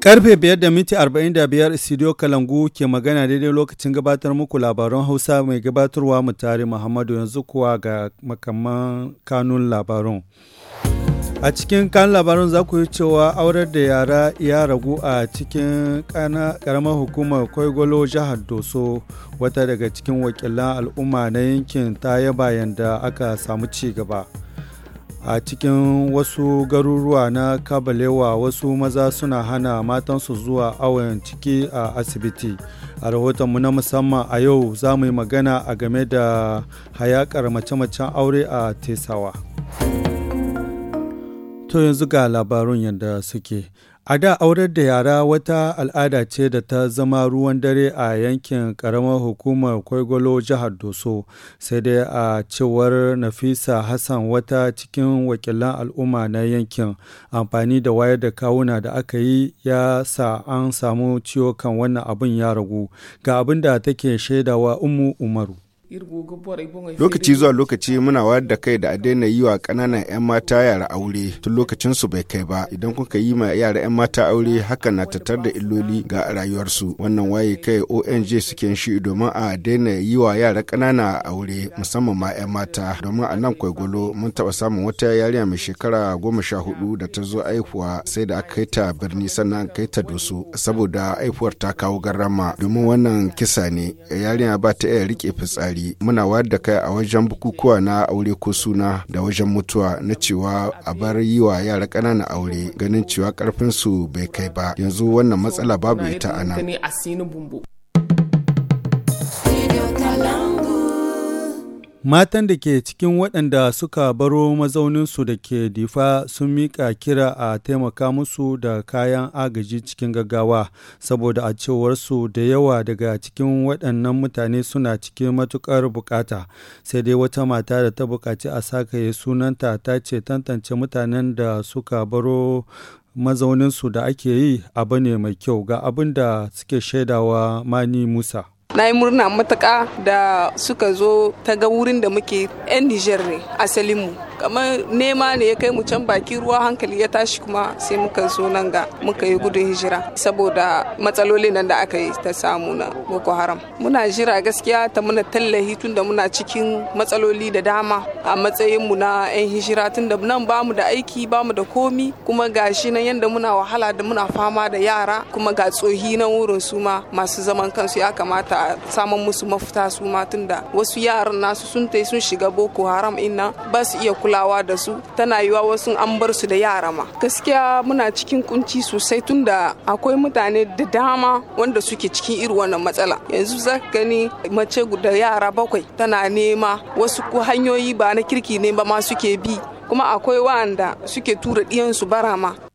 Karfe biyar da minti arba'in da biyar Studio Kalangu ke magana daidai lokacin gabatar muku labaran Hausa mai gabatarwa mutare Muhammadu yanzu kuwa ga makaman kanun labarun. A cikin kan labarun za ku yi cewa aurar da yara ya ragu a cikin karamar hukumar Kwaigolo jihar Doso wata daga cikin wakilan al'umma na yankin ta yaba yadda aka samu ci gaba. a cikin wasu garuruwa na kabalewa wasu maza suna hana matansu zuwa awon ciki a asibiti a rahotonmu na musamman a yau za mu yi magana a game da hayakar mace-macen aure a tesawa to yanzu ga labarun yadda suke A da aurar da yara wata al'ada ce da ta zama ruwan dare a yankin ƙaramar hukumar Kwaigwalo jihar Doso, sai dai a cewar Nafisa Hassan wata cikin wakilan al'umma na yankin amfani da wayar da kawuna da aka yi ya sa an samu ciwo kan wannan abin ya ragu ga abin da take shaidawa Umu Umaru. Lokaci zuwa lokaci muna wayar da kai da a daina yi wa ƙananan 'yan mata yara aure tun lokacin su bai kai ba idan kuka yi ma yara 'yan mata aure hakan na tattar da illoli ga rayuwarsu wannan waye kai ONG suke shi domin a daina yi wa yara ƙanana aure musamman ma 'yan mata domin a nan kwaigolo mun taɓa samun wata yarinya mai shekara goma sha hudu da ta zo aihuwa sai da aka kai ta birni sannan kai ta dusu saboda aihuwar ta kawo garrama domin wannan kisa ne yarinya ba ta iya riƙe fitsari gari muna wayar da kai a wajen bukukuwa na aure ko suna da wajen mutuwa na cewa a bar yi wa yara ƙananan aure ganin cewa karfin su bai kai ba yanzu wannan matsala babu ita a nan. Matan da ke cikin waɗanda suka baro mazauninsu da ke difa sun miƙa kira a taimaka musu da kayan agaji cikin gaggawa, saboda a cewarsu da yawa daga cikin waɗannan mutane suna cikin matuƙar bukata. Sai dai wata mata da ta buƙaci a sakaye sunanta ta ce tantance mutanen da suka baro mazauninsu da ake yi abu ne mai kyau ga abin da suke shaidawa Mani Musa. na yi murna matuƙa da suka zo ta ga wurin da muke 'yan nijar ne asalinmu kamar nema ne ya kai mu can baki ruwa hankali ya tashi kuma sai muka zo nan ga muka yi gudun hijira saboda matsalolin nan da aka yi ta samu na boko haram muna jira gaskiya ta muna tallahi tun da muna cikin matsaloli da dama a matsayin mu na yan hijira tun da nan bamu da aiki bamu da komi kuma gashi nan yanda muna wahala da muna fama da yara kuma ga tsohi na wurin su ma masu zaman kansu ya kamata a samun musu mafita su ma tun da wasu yaran nasu sun tai sun shiga boko haram inna ba su iya kula kulawa da su tana yiwa wasu an bar su da yara ma gaskiya muna cikin kunci sosai tunda akwai mutane da dama wanda suke cikin irin wannan matsala yanzu za ka gani mace da yara bakwai tana nema wasu hanyoyi ba na kirki ne ba ma suke bi kuma akwai wanda suke tura ɗiyansu bara ma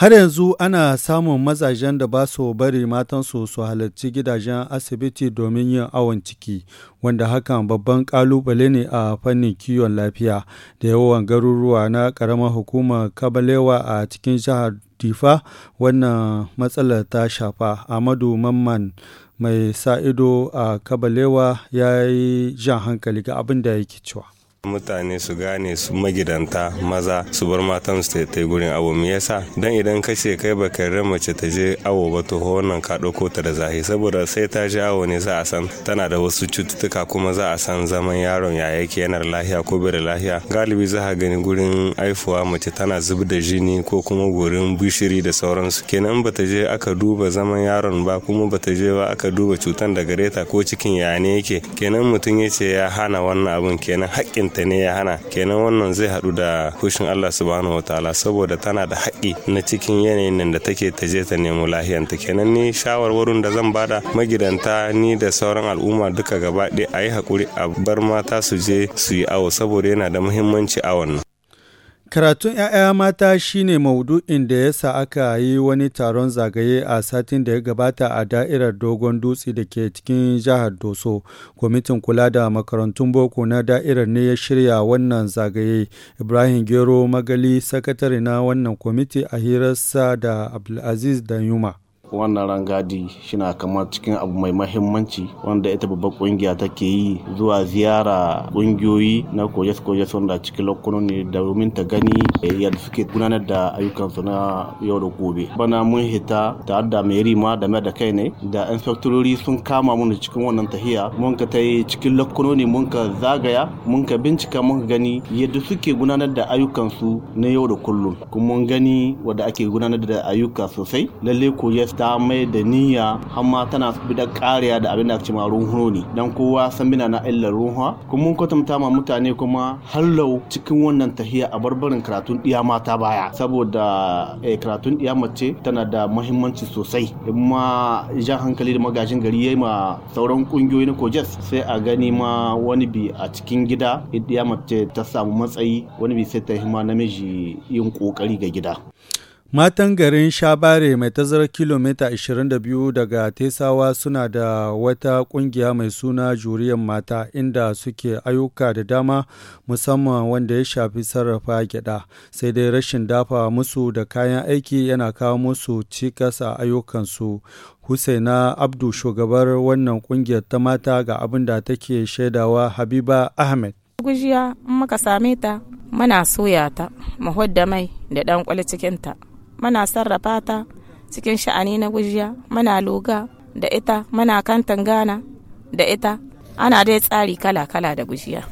Har yanzu ana samun mazajen da ba su bari matansu su halarci gidajen asibiti domin yin awon ciki, wanda hakan babban kalubale ne a fannin kiwon lafiya da yawan garuruwa na ƙaramar hukumar Kabalewa a cikin jihar Difa wannan matsalar ta shafa. Amadu Mamman mai sa ido a Kabalewa ya yi jan hankali ga abin da yake cewa. mutane su gane su magidanta maza su bar matan su ta gurin abu me yasa dan idan ka ce kai ka yarda mace ta je awo ba to wannan ka ɗauko ta da zahi saboda sai ta je awo ne za a san tana da wasu cututtuka kuma za a san zaman yaron ya yake yana lahiya ko bai da lahiya galibi za a gani gurin haifuwa mace tana zub da jini ko kuma gurin bishiri da sauransu kenan ba ta je aka duba zaman yaron ba kuma ba ta je ba aka duba cutan da gareta ko cikin ya ne yake kenan mutum ya ce ya hana wannan abun kenan haƙƙin kanta ne ya hana kenan wannan zai hadu da hushin Allah subhanahu ta'ala saboda tana da haƙƙi na cikin yanayin nan da take ta je ta nemo lahiyanta kenan ni shawarwarin da zan bada magidanta ni da sauran al'umma duka gaba ɗaya a yi haƙuri a bar mata su je su yi awo saboda yana da muhimmanci a wannan Karatun 'ya'ya mata shine maudu'in da ya sa aka yi wani taron zagaye a satin da ya gabata a da'irar Dogon Dutse da ke cikin jihar Doso. Kwamitin kula da makarantun boko na da'irar ne ya shirya wannan zagaye. Ibrahim Gero Magali, sakatare na wannan kwamiti a hirarsa da Abdulaziz Danyuma. wannan rangadi shina kamar cikin abu mai mahimmanci wanda ita babbar kungiya take yi zuwa ziyara kungiyoyi na koyes-koyes wanda cikin lokunan ne domin ta gani yadda suke gudanar da ayyukansu na yau da gobe bana mun hita ta da meri ma da da kai ne da inspectorori sun kama mu cikin wannan tahiya mun ka ta yi cikin ne mun ka zagaya mun ka bincika mun gani yadda suke gudanar da ayyukansu na yau da kullum kuma mun gani wanda ake gudanar da ayyuka sosai lalle koyes ta mai da niyya har ma tana da kariya da abin da ake cewa runhuno ne dan kowa san bina na illar ruha kuma mun kwatanta ma mutane kuma hallau cikin wannan tahiya a barbarin karatun diya mata baya saboda eh, karatun diya mace tana da muhimmanci sosai ma jan hankali da magajin gari yayi ma sauran kungiyoyi na kojes sai a gani ma wani bi a cikin gida diya mace ta samu matsayi wani bi sai ta himma namiji yin kokari ga gida Matan garin Shabare mai tazarar kilomita 22 daga Tesawa suna da wata kungiya mai suna juriyar mata inda suke ayyuka da dama musamman wanda ya shafi sarrafa gyada sai dai rashin dafa musu da kayan aiki yana kawo musu cikas a ayyukansu. Husaina Abdu shugabar wannan kungiyar ta mata ga abin da take shaidawa Habiba Ahmed. Gujiya in muka same ta muna soya ta mu mai da ɗan kwalicikinta. cikinta. muna sarrafa ta cikin sha'ani na gujiya muna loga da ita muna kantan gana da ita ana dai tsari kala-kala da gujiya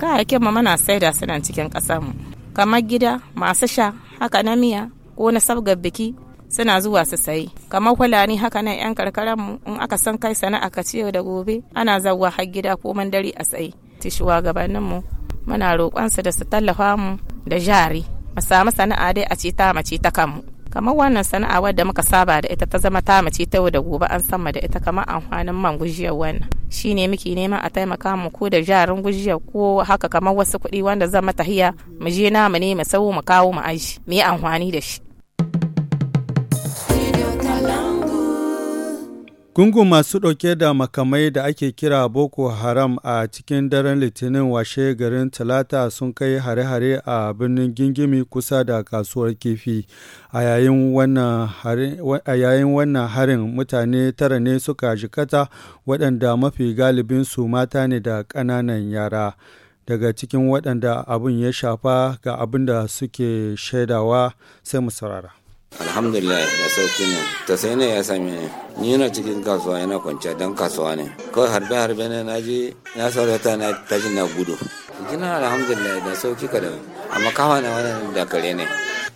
kayayyakin mu muna saida suna cikin mu kamar gida masu sha haka na miya ko na sabgar biki suna zuwa su sayi kamar hulani haka nan yan karkaran mu in aka san kai sana'a ka ciyo da gobe ana zawa har gida ko mandari a sayi tishuwa gabanin mu muna roƙon su da su tallafa mu da jari mu samu sana'a dai a ce ta mace ta kanmu kamar wannan sana'a wadda muka saba da ita ta zama ta mace ta da gobe an sama da ita kamar amfanin man gujiyar wannan shi ne muke neman a taimaka mu ko da jarin gujiyar ko haka kamar wasu kuɗi wanda zama tahiya mu je namu ne mu sau mu kawo mu aji mu yi amfani da shi Gungun masu ɗauke da makamai da ake kira Boko Haram a cikin daren Litinin washe garin Talata sun kai hare-hare a birnin Gingimi kusa da kasuwar kifi. A yayin wannan harin mutane tara ne suka jikata waɗanda mafi galibin su mata ne da ƙananan yara. Daga cikin waɗanda abin ya shafa ga abin da suke shaidawa sai mu saurara. alhamdulillah da sauki ne ta sai ne ya same ni ni yana cikin kasuwa yana kwanciya dan kasuwa ne kawai harbe harbe ne na ji na saurata na taji na gudu jina alhamdulillah da sauki kadan amma kawana wannan da kare ne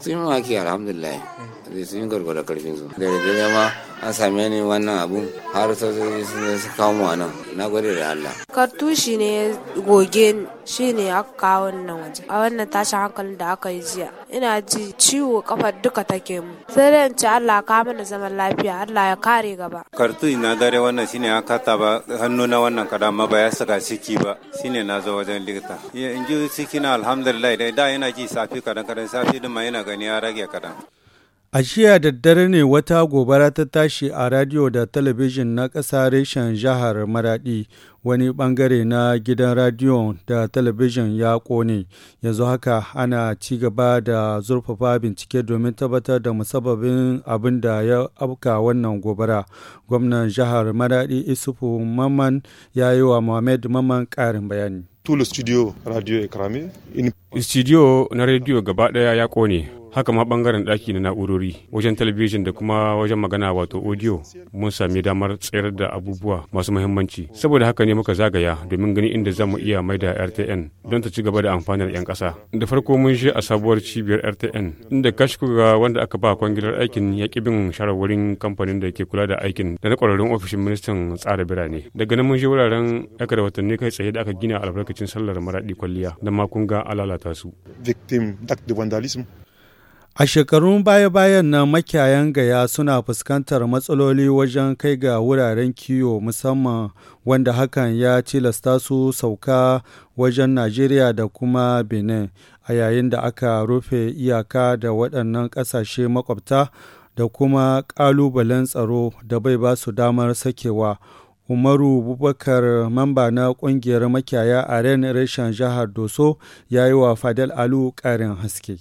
sun yi maki alhamdulillah da sun yi gargwada karfin su da daddare ma an same ni wannan abu har sojoji sun su kawo mu nan na gode da Allah kartushi ne goge shi ne aka kawo wannan waje a wannan tashin hankalin da aka yi jiya ina ji ciwo kafar duka take mu sai dai in ci Allah ka mana zaman lafiya Allah ya kare gaba kartushi na dare wannan shine aka ba hannu na wannan ma ba ya saka ciki ba shine na zo wajen likita in ji ciki na alhamdulillah da ina ji safi kadan kadan safi din ma yana gani ya rage kadan A jiya da dare ne wata gobara ta tashi a radiyo da talabijin na ƙasa reshen jihar Maraɗi, wani ɓangare na gidan radiyo da talabijin ya ƙone. Yanzu haka ana ci gaba da zurfafa bincike domin tabbatar da musababin abin da ya afka wannan gobara. Gwamnan jihar Maraɗi Isufu Maman ya yi wa Mohamed Maman ƙarin bayani. Studio na rediyo gaba ɗaya ya ƙone. haka ma bangaren ɗaki na na'urori wajen talabijin da kuma wajen magana wato audio mun sami damar tsayar da abubuwa masu muhimmanci saboda haka ne muka zagaya domin gani inda za mu iya maida rtn don ta ci gaba da amfanar 'yan ƙasa da farko mun shi a sabuwar cibiyar rtn inda ga wanda aka ba kwangilar aikin ya ƙi bin shawarwarin kamfanin da ke kula da aikin da na ƙwararrun ofishin ministan tsara birane daga nan mun je wuraren aka da watanni kai tsaye da aka gina albarkacin sallar maraɗi kwalliya da makunga alalata su victim A shekarun baya-bayan nan makiyayan gaya suna fuskantar matsaloli wajen kai ga wuraren kiwo musamman wanda hakan ya tilasta su sauka wajen Najeriya da kuma Benin a yayin da aka rufe iyaka da waɗannan ƙasashe makwabta da kuma ƙalubalen tsaro da bai ba su damar sakewa. Umaru Bubakar mamba na ƙungiyar makiyaya a reshen jihar Doso ya yi wa Fadel Alu ƙarin haske.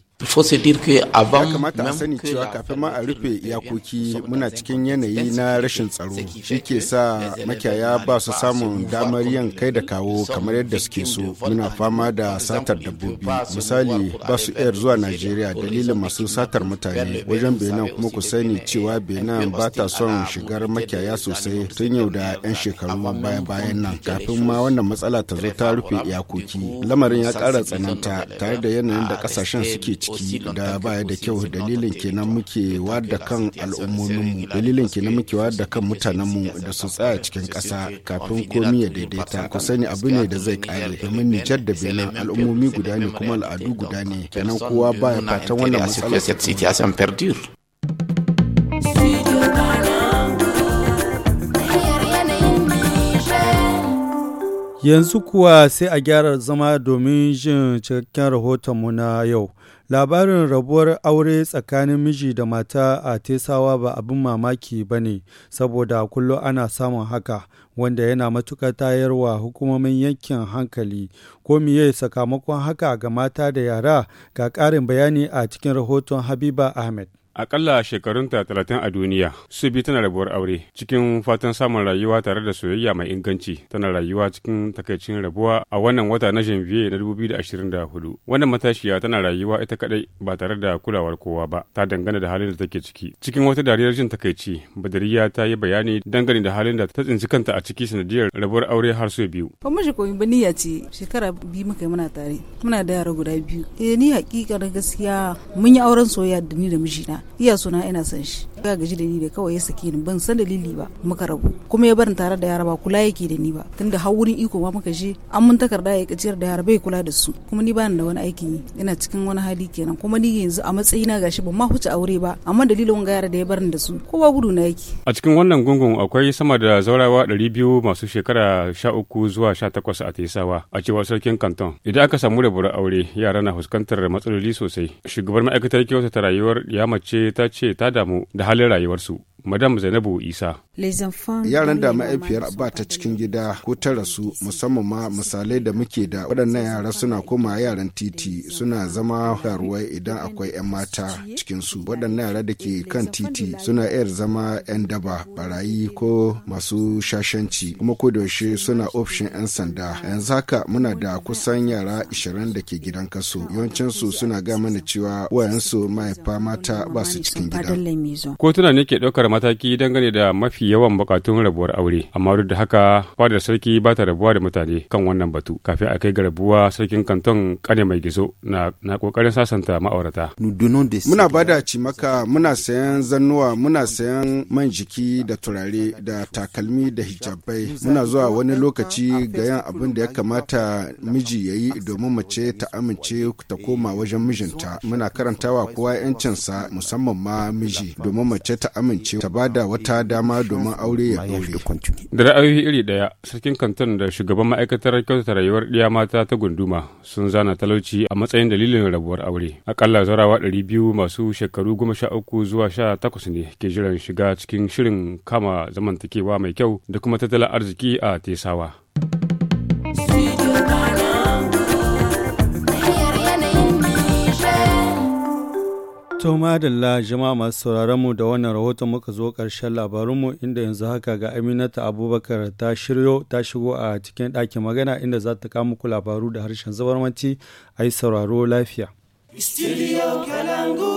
ya kamata a sani cewa kafin ma a rufe iyakoki muna cikin yanayi na rashin tsaro shi ke sa makiyaya ba su samun damar yin kai da kawo kamar yadda suke so muna fama da satar dabbobi misali ba su iya zuwa najeriya dalilin masu satar mutane wajen benin kuma ku sani cewa eh, benin ba ta son shigar makiyaya sosai tun yau da 'yan shekaru baya bayan nan kafin ma wannan matsala ta zo ta rufe iyakoki lamarin ya kara tsananta tare da yanayin da kasashen suke ci ciki da baya da kyau dalilin kenan muke wada kan al'ummominmu dalilin kenan muke wada kan mutanenmu da su tsaya cikin ƙasa kafin komi ya daidaita ku sani abu ne da zai kare domin nijar da benin al'ummomi guda ne kuma al'adu guda ne kenan kowa baya fatan wannan matsalar Yanzu kuwa sai a gyara zama domin jin cikakken rahotonmu na yau. Labarin rabuwar aure tsakanin miji da mata a Tesawa ba abin mamaki ba ne, saboda kullum ana samun haka, wanda yana matuƙar tayarwa hukumomin yankin hankali. Ko miye sakamakon haka ga mata da yara ga ƙarin bayani a cikin rahoton Habiba Ahmed. akalla shekarunta talatin a duniya su bi tana rabuwar aure cikin fatan samun rayuwa tare da soyayya mai inganci tana rayuwa cikin takaicin rabuwa a wannan wata na janvier na 2024 wannan matashiya tana rayuwa ita kadai ba tare da kulawar kowa ba ta dangane da halin da take ciki cikin wata dariyar jin takaici badariya ta yi bayani dangane da halin da ta tsinci kanta a ciki sanadiyar rabuwar aure har su biyu ba mu ba niyya ce shekara biyu muka muna tare muna da yara guda biyu eh ni hakika na gaskiya mun yi auren soyayya da ni da mijina iya suna ina son shi ya gaji da ni da kawai ya sake ni ban san dalili ba muka rabu kuma ya barin tare da yara ba kula yake da ni ba tunda har wurin iko ma muka je an mun takarda ya kaciyar da yara bai kula da su kuma ni bani da wani aikin yi ina cikin wani hali kenan kuma ni yanzu a matsayina gashi ban ma huce aure ba amma dalilin wanga yara da ya ni da su ko ba gudu na yake a cikin wannan gungun akwai sama da zaurawa 200 masu shekara 13 zuwa 18 a Tesawa a cewar sarkin Kanton idan aka samu rabuwar aure yara na fuskantar matsaloli sosai shugabar ma'aikatar kyautata rayuwar ya mace ta ce ta damu da halin rayuwarsu. madam zainabu isa yaran da ma'aifiyar ba ta cikin gida ko ta rasu musamman ma misalai da muke da waɗannan yara suna koma yaran titi suna zama karuwai idan akwai 'yan mata cikin su. waɗannan yara da ke kan titi suna iya zama 'yan daba barayi ko masu shashanci kuma ko yaushe suna ofishin 'yan sanda yanzu haka muna da kusan yara 20 da ke gidan kaso su suna ga mana cewa wayansu mahaifa mata ba su cikin gida kotuna ne ke ɗaukar mataki dangane da mafi yawan bukatun rabuwar aure amma duk da haka fadar sarki ba ta rabuwa da mutane kan wannan batu kafin a kai ga rabuwa sarkin kanton kane mai gizo na na kokarin sasanta ma'aurata muna bada cimaka muna sayan zannuwa muna sayan man jiki da turare da takalmi da hijabai muna zuwa wani lokaci ga yan abin da ya kamata miji ya yi domin mace ta amince ta koma wajen mijinta muna karantawa kowa yancinsa musamman ma miji domin mace ta amince ta ta bada wata dama domin aure ya ɗore. Da ra'ayoyi iri ɗaya, sarkin kanton da shugaban ma'aikatar kyautata rayuwar ɗiya mata ta gunduma sun zana talauci a matsayin dalilin rabuwar aure. Akalla zarawa ɗari biyu masu shekaru goma sha uku zuwa sha takwas ne ke jiran shiga cikin shirin kama zamantakewa mai kyau da kuma tattalin arziki a Tesawa. To madalla jama'a masu sauraron mu da wannan rahoton muka zo ƙarshen labarunmu inda yanzu haka ga Aminata Abubakar ta shiryo ta shigo a cikin ɗakin magana inda za ta kawo muku labaru da harshen zabarmanci a yi sauraro lafiya. Studio Kalangu.